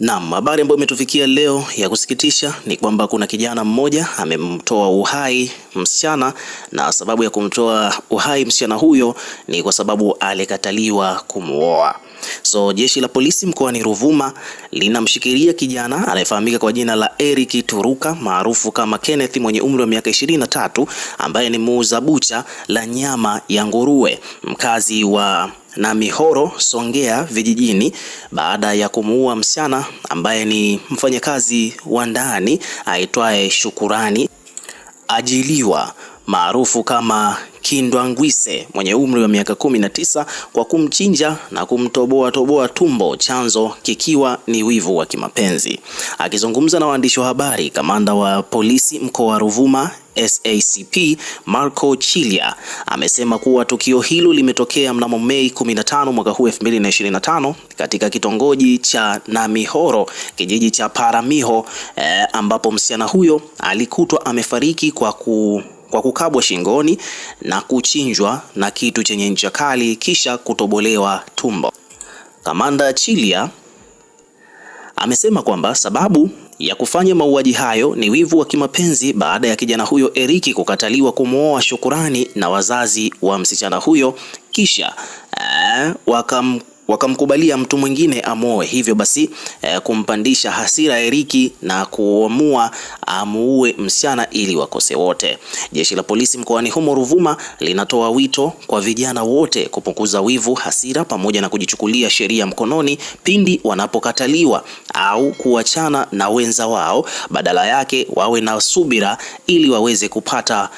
Naam, habari ambayo imetufikia leo ya kusikitisha ni kwamba kuna kijana mmoja amemtoa uhai msichana, na sababu ya kumtoa uhai msichana huyo ni kwa sababu alikataliwa kumwoa. Likiso, jeshi la polisi mkoani Ruvuma linamshikilia kijana anayefahamika kwa jina la Eric Turuka maarufu kama Kenneth mwenye umri wa miaka 23 ambaye ni muuza bucha la nyama ya nguruwe mkazi wa na Mihoro Songea vijijini baada ya kumuua msichana ambaye ni mfanyakazi wa ndani aitwaye Shukurani Ajiliwa maarufu kama Kindwangwise mwenye umri wa miaka kumi na tisa kwa kumchinja na kumtoboa toboa tumbo, chanzo kikiwa ni wivu wa kimapenzi. Akizungumza na waandishi wa habari, kamanda wa polisi mkoa wa Ruvuma SACP Marco Chilia amesema kuwa tukio hilo limetokea mnamo Mei 15 mwaka huu 2025 katika kitongoji cha Namihoro, kijiji cha Paramiho eh, ambapo msichana huyo alikutwa amefariki kwa ku kwa kukabwa shingoni na kuchinjwa na kitu chenye ncha kali kisha kutobolewa tumbo. Kamanda Chilia amesema kwamba sababu ya kufanya mauaji hayo ni wivu wa kimapenzi baada ya kijana huyo Eriki kukataliwa kumwoa Shukurani na wazazi wa msichana huyo kisha eh, wakam wakamkubalia mtu mwingine amoe, hivyo basi eh, kumpandisha hasira Eriki na kuamua amuue msichana ili wakose wote. Jeshi la polisi mkoani humo Ruvuma linatoa wito kwa vijana wote kupunguza wivu, hasira pamoja na kujichukulia sheria mkononi pindi wanapokataliwa au kuachana na wenza wao, badala yake wawe na subira ili waweze kupata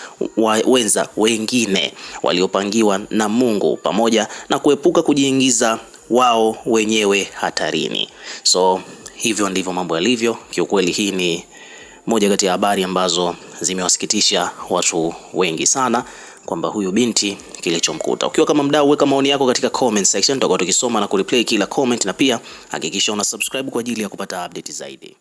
wenza wengine waliopangiwa na Mungu, pamoja na kuepuka kujiingiza wao wenyewe hatarini. So hivyo ndivyo mambo yalivyo kiukweli. Hii ni moja kati ya habari ambazo zimewasikitisha watu wengi sana, kwamba huyu binti kilichomkuta. Ukiwa kama mdau, weka maoni yako katika comment section, tutakuwa tukisoma na kureplay kila comment, na pia hakikisha una subscribe kwa ajili ya kupata update zaidi.